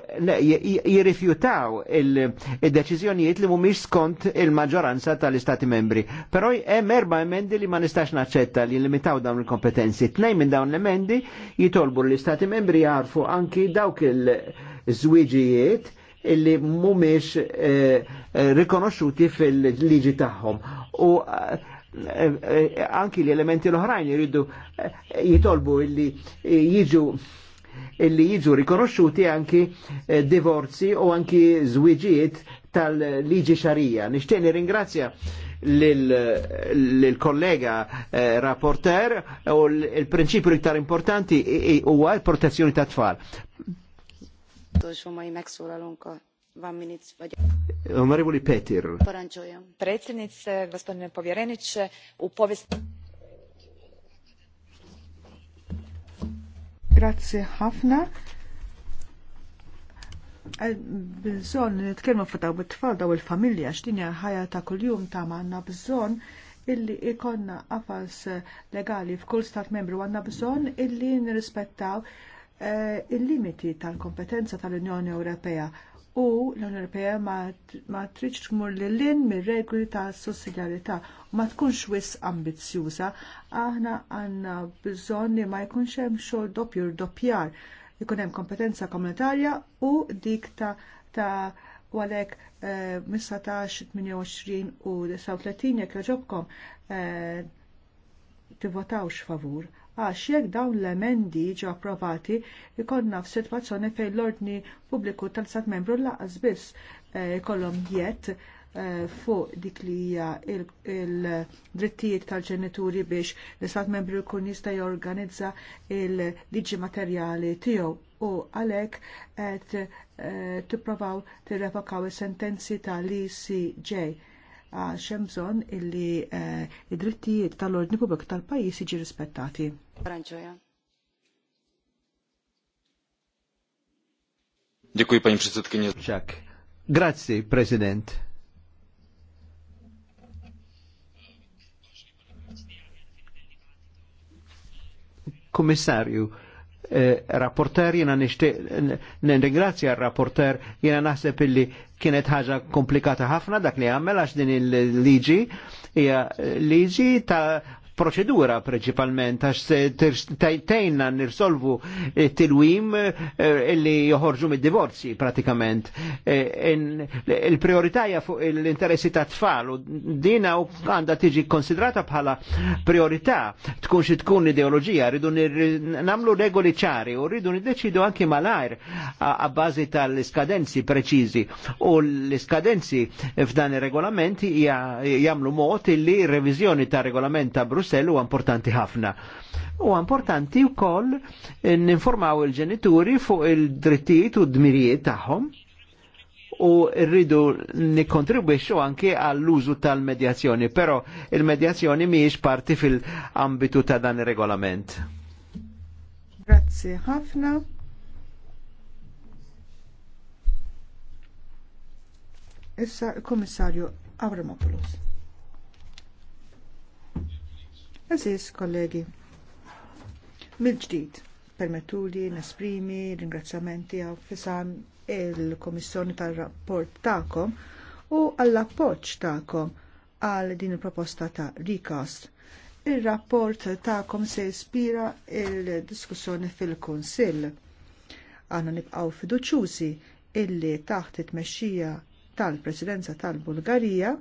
jirrifjutaw il-deċizjonijiet li mumiex skont il-maġġoranza tal-Istati membri. Però hemm erba emendi li ma nistax naċċetta li limitaw dawn il-kompetenzi. Tnejn minn dawn l-emendi jitolbu l-Istati membri jarfu anki dawk il zwiġijiet illi mumiex eh, eh rikonoxxuti fil-liġi tagħhom. U eh, eh, eh anki l-elementi l-oħrajn jridu jitolbu illi jiġu illi jiġu rikonoxxuti anki divorzi u anki żwiġijiet tal-liġi xarija. Nixtieq ringrazzja lil kollega eh, rapporter u il prinċipju iktar importanti huwa l-protezzjoni tat-tfal utolsó mai megszólalónk a One minute, vagy... Onorevoli Petir. Parancsoljon. Predsjednice, gospodine povjereniče, u povijest... Grazie ħafna. Eh, bżon nitkelmu fuq daw it daw il-familja x'dinja ħajja ta' kull-jum ta' manna bżon illi ikonna għafas legali f'kull stat membru għanna bżon illi nirrispettaw Eh, il-limiti tal-kompetenza tal-Unjoni Ewropea u l-Unjoni Ewropea ma tridx tmur lil mir-regoli ta' sussidjarjetà u ma tkunx wis ambizzjuża. Aħna għandna bżonn li ma jkunx hemm xogħol doppju doppjar ikun hemm kompetenza komunitarja u dik ta' ta' għalek eh, 28 u 39 jek raġobkom eh, tivotawx favur għax jekk dawn l-emendi ġo approvati ikonna f'sitwazzjoni fejn l-ordni pubbliku tal-sat membru laqas biss eh, ikollhom e, jett eh, fuq dik li hija il-drittijiet tal-ġenituri biex l-istat membru jkun jista' jorganizza il-liġi materjali tiegħu u għalhekk qed eh, tippruvaw tirrevokaw is-sentenzi tal-ECJ għax hemm bżonn illi id-drittijiet tal-ordni pubbliku tal-pajjiż jiġi rispettati. Děkuji, paní předsedkyně. Čak. Grazie, prezident. E, rapporter jena nirringrazzja rapporter jena naħseb illi kienet ħaġa komplikata ħafna dak li għamela għax din il-liġi hija liġi ta' proċedura principalment għax se tajtejna nirsolvu tilwim eh, illi joħorġu mid-divorzi pratikament. Eh, Il-prioritajja fuq l-interessi ta' tfal u dina u għanda tiġi konsidrata bħala priorità tkun xi tkun ideoloġija, rridu namlu regoli ċari u rridu niddeċidu anki malajr għabbażi tal-iskadenzi preċizi u l-iskadenzi f'dan ir regolamenti jagħmlu mod illi r-reviżjoni tar-regolament ta' Brussel Brussell huwa importanti ħafna. U importanti wkoll ninformaw il-ġenituri fuq il-drittijiet u d-dmirijiet tagħhom u rridu nikkontribwixxu anke għall-użu tal-medjazzjoni, però il-medjazzjoni mhijiex parti fil-ambitu ta' dan ir-regolament. Grazzi ħafna. Issa il-Kummissarju Avramopoulos. Eżis, kollegi, mil-ġdid, permettuli, nesprimi, ringrazzjamenti għaw fisam il-Komissjoni tal-rapport ta'kom u għall-appoċ ta'kom għal din il-proposta ta' recast. Il-rapport ta'kom se jispira il-diskussjoni fil konsil Għanna nibqaw fiduċuzi illi taħt it-mexxija tal-Presidenza tal-Bulgarija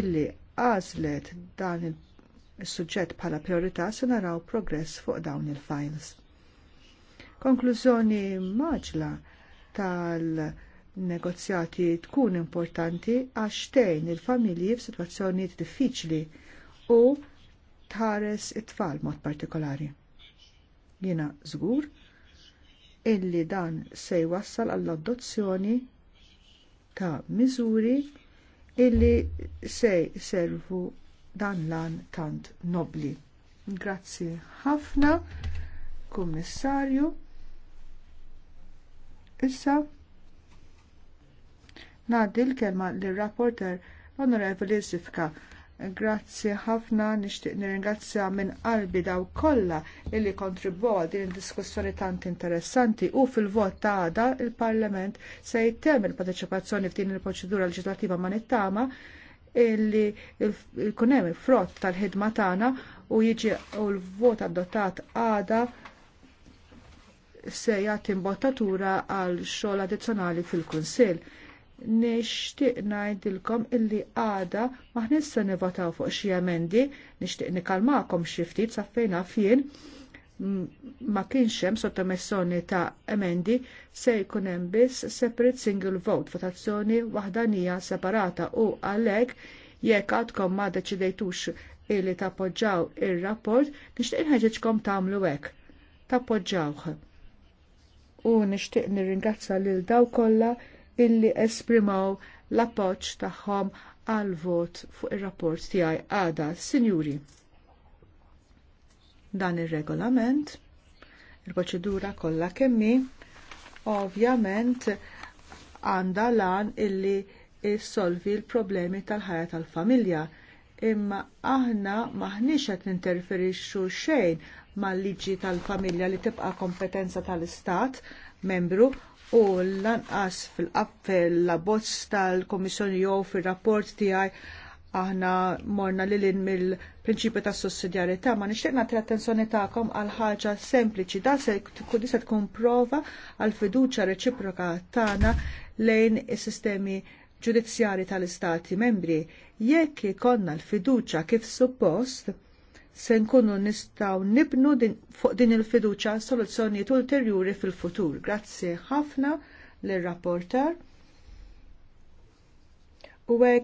illi għażlet dan il is-suġġett bħala priorità se naraw progress fuq dawn il-files. Konklużjoni maġla tal-negozjati tkun importanti għax tgħin il-familji f'sitwazzjonijiet diffiċli u tħares it-tfal mod partikolari. Jiena żgur illi dan se jwassal għall-adozzjoni ta' miżuri illi se servu dan lan tant nobli. Grazzi ħafna, kummissarju. Issa, nadi l-kelma li rapporter onorevoli Zifka. Grazzi ħafna nixtieq nirringrazzja minn qalbi daw kollha illi kontribu għal din id-diskussjoni tant interessanti u fil-vot ta' għada il-Parlament se jittem il-parteċipazzjoni f'din il-proċedura leġislattiva ma' nittama illi l-kun hemm il-frott tal-ħidma tagħna u jiġi u l-vot adottat għada se jagħti imbottatura għal xogħol addizzjonali fil-Kunsill. Nixtieq ngħidilkom illi għada maħnis se nivotaw fuq xi emendi, nixtieq nikalmakom xi ftit saffejna fien ma kienx hemm sottomessjoni ta' emendi se jkun hemm biss separate single vote votazzjoni waħdanija separata u għalhekk jekk għadkom ma deċidejtux illi tappoġġaw ir-rapport nixtieq inħeġġkom tagħmlu hekk. Tappoġġawh u nixtieq nirringrazza lil daw kollha illi esprimaw l-appoġġ tagħhom għal vot fuq ir-rapport tiegħi għada, Sinjuri dan ir-regolament, il proċedura kollha kemmi, ovvjament għandha lan illi issolvi l-problemi tal-ħajja tal-familja. Imma aħna maħniex qed ninterferixxu xejn mal-liġi tal-familja li tibqa' kompetenza tal-Istat membru u lanqas fil-abbozz tal-Komissjoni jew fir-rapport tiegħi aħna morna lil mill prinċipju ta' sussidjarità, ma nixtieq nagħti attenzjoni tagħkom għal ħaġa sempliċi da se tkun se tkun prova għal fiduċja reċiproka tagħna lejn is-sistemi ġudizzjari tal-istati membri. Jekk ikonna l-fiduċja kif suppost, se nkunu nistgħu nibnu din, fuq din il-fiduċja soluzzjonijiet ulterjuri fil-futur. Grazzi ħafna lir rapporter U